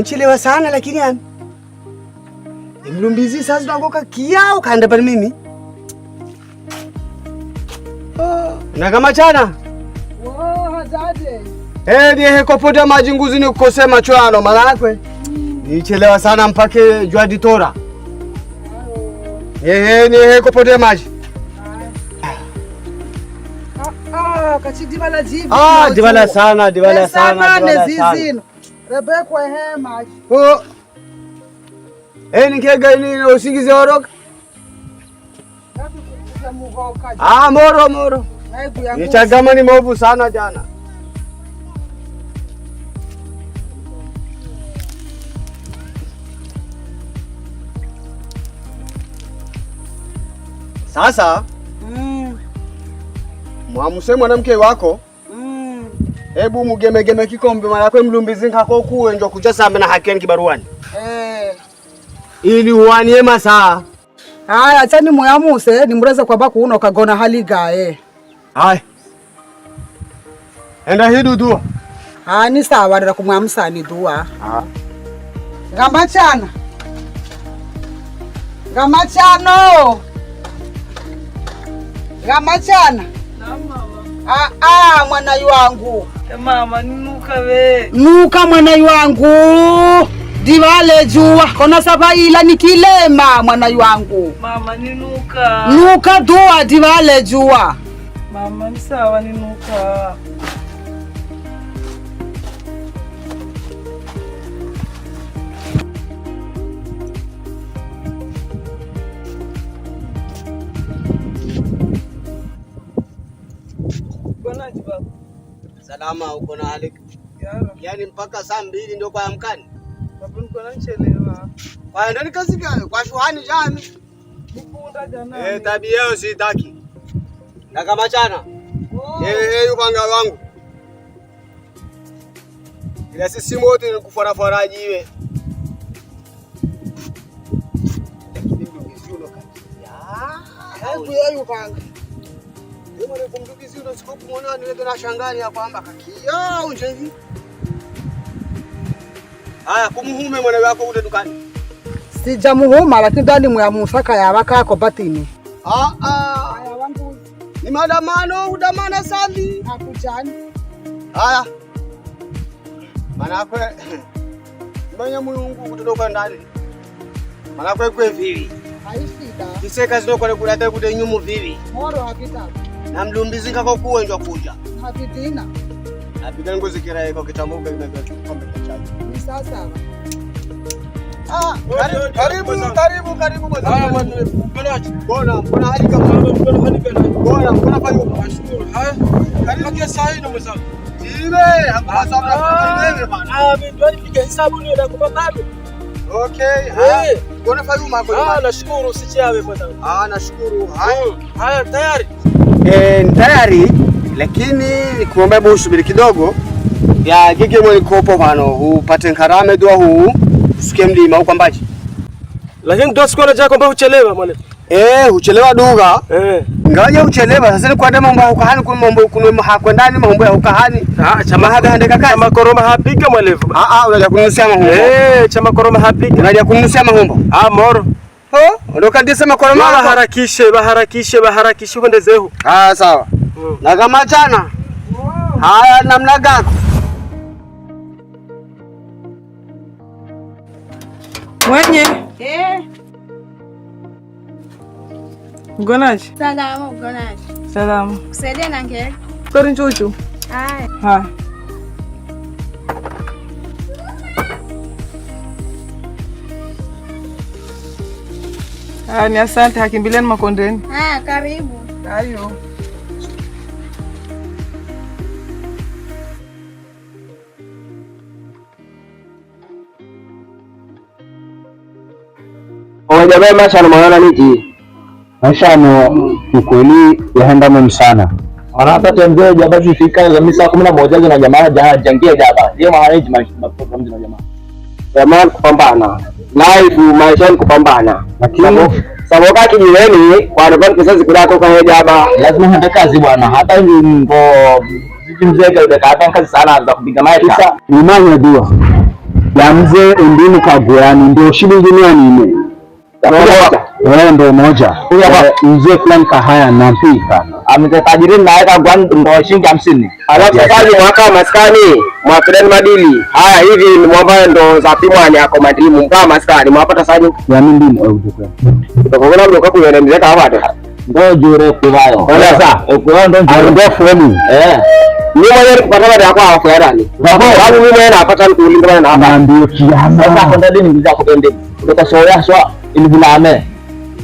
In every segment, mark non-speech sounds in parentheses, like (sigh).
Anchelewa sana lakini an mlumbizi sasa tunaanguka kiao kaenda pale mimi. Oh, na kama chana. Wao hazade. Eh, ni heko poda maji nguzi ni kukose macho yano malakwe. Mm. Nichelewa sana mpake jua ditora. eh, ni heko poda maji. Ah, ah, kachidi bala jibu. Ah, divala sana, divala sana, divala sana. Rebekwa hema. Oh. Eni kega inina usingize oroka. Ah, moro moro. Nichagama ni movu sana jana. Sasa mm, mwamuse mwanamke wako Hebu mugemegeme kikombe mara kwe mlumbizinga ko kuenjwa sambe na hakiani kibaruani eh, ili uwanie masaa haya tani moyamuse nimureze kwamba uno kagona haligaye haya enda hidu dua ani sawa ndira kumwamsani dua ngamba chana ngamba chano ngamba chana ah, ah, mwana wangu Mama, nuka we. Nuka mwanai wangu divale juwa kona saba ila nikilema mwanai wangu Mama, ninuka. Nuka dua divale juwa Mama, msawa ninuka Salama, uko na hali yaani, mpaka saa mbili ndio kwa amkani kwa, kwa shuhani jani e, eh, tabia yao sitaki na kama chana oh. E, e, wangu ila sisi wote nikufara faraji iwe upanga Haya, kumuhume mwana wako ule dukani. Sijamuhuma lakini ndani mwa musaka ya wakako batini. Ah ah. Ni maandamano udamana sali. Hakujani. Haya. Manakwe. Mbanya Mungu kutoka ndani. Manakwe kwe vivi. Haishida. Kiseka zino kwa kulata nyumu vivi. Moro hakitaka na kokuwenjwa kuja hapitina apiga ngozi kiraeko kitambuka kikombe cha ni sasa ah, ah, karibu karibu karibu nashukuru, usichawe. Ah, nashukuru. Oh, haya, tayari. E, tayari lakini kuomba bushubiri kidogo ya gigi kopo mano upate karame dua huu usike mlima huko mbaji. Lakini dua siku anaja kwamba uchelewa mwana. Eh, uchelewa duga. Eh. Ngaje uchelewa sasa ni kwa demo huko hani kwa mambo kunwe ni mambo ya huko hani. Ah, ah, chama haga handeka kazi. Chama koroma hapiga mwelevu. Ah ah, unaja kunusia mahumbo. Eh, chama koroma hapiga. Unaja kunusia mahumbo. Ah, moro. Ondoka ndise makoroma baharakishe baharakishe baharakishe uendezeho. Ah, sawa. Hmm. Na kama jana. Haya namna gako. Mwenye. Eh. Mgonaji. Salamu, mgonaji. Salamu. Kusaidia na ngeke. Kori nchuchu. Haya. Haya. Ah, ni asante, hakimbiliani makondeni. Ah, karibu. Ayo. Ojabae masha namwanana miti maishano hmm. ukweli yahenda muhimu sana wanaatatemzee jaba zifika zami saa kumi na moja zina jamaa jangia jaba iyo maana jamaa jamaa kupambana live ni kupambana, lakini saboka kijiweni kwa advance kizazi kula kwa hadi hapa, lazima hata kazi bwana, hata nyimbo mzee kaibeka hata kazi sana za kupiga maisha. Imani ya dua ya mzee endini kagwani ndio shilingi 100 ine wewe ndo moja huyu hapa eh, mzee fulani kahaya nampika ametajiri naweka kwa shilingi hamsini alafu mwaka maskani mwafilani madili haya hivi mwamba ndo za pimwani ako madimu mkaa maskani mwapata sanyu yami ndimu eujuke tokokona mloka kuyonemzeka awate ndo jure ekuvayo sa ekuvayo eh, ndo jure ndo foni ni eh. mwenye kupata baada ya kwa afuarani sababu mimi mwenye napata mtu ulingana na ndio kiama sasa kwa ndani ni mzako pende utakashoya ilivulame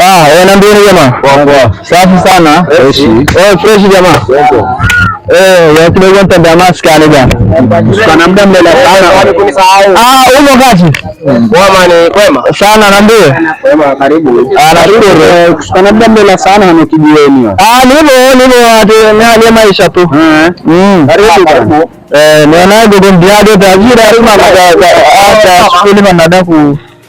Ah, eh, Nambieni jamaa, safi sana fresh eh, jamaa eh, ya kidogo nitembea maskani bana, kana muda mrefu sana. Ah, uko kati sana, naambie nivonivo ni ah, maisha tu nionaje, ndio mbiaje tajira shughuli manadaku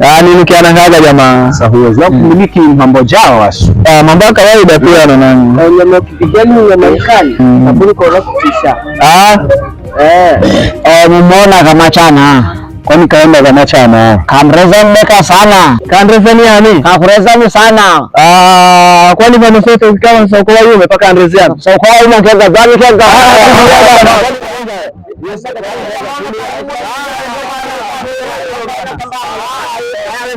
Ah, ni kianangaza jamaa sasa, huwezi na kumiliki hmm. mambo jao asu ah, mambo ya kawaida pia na hmm. nani, ah, nyama kipigani ya Marekani hmm. na kuliko kisha. ah, eh eh, mumeona kama chana kwani kaenda kama chana kamreza mbeka sana kamreza ni yani kamreza ni sana ah, kwani vanu sote kama soko wao umepaka andrezia soko wao unaanza zani kaza ah. (laughs) Akan ወደ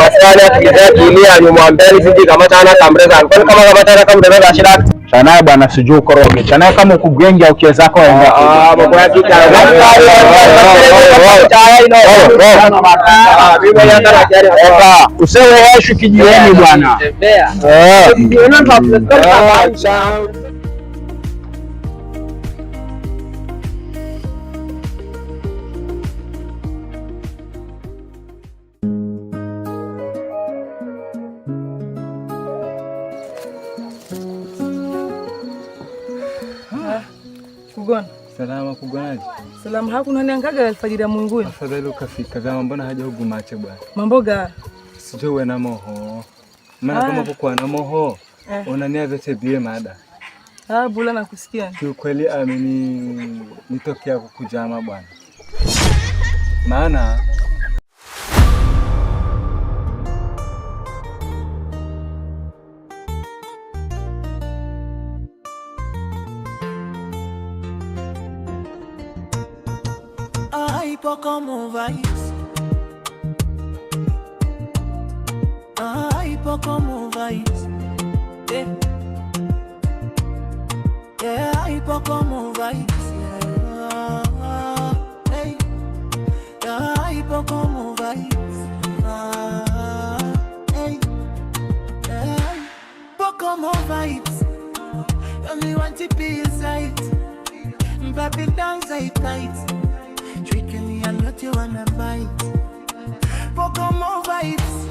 ማስካና ኪlia nyumwambeni siji kamatana kama kamatana kamreza au kiasi zako waenda usewe yashu kijiweni bwana unaona tunapeleka kawaida Kugona. Salama kugonaje? salam haku nani angaga alfajiri ya munguni. Afadhali ukafika. Kama mbona haja hugumache bwana. Mamboga. Sijui na moho. Mana kama uko ah. na moho eh. Unania vyote bie mada ah, bula nakusikia. Kiukweli amini ah, nitokea kukujama bwana, maana ah, ipo como ah, ipo como vais day. Yeah, I come alright. Yeah, hey. yeah, I come on my hey. yeah, I come alright. Only want to be inside. Baby, dance tight, tight. Tricking me, and know you wanna bite. Pokemon vibes.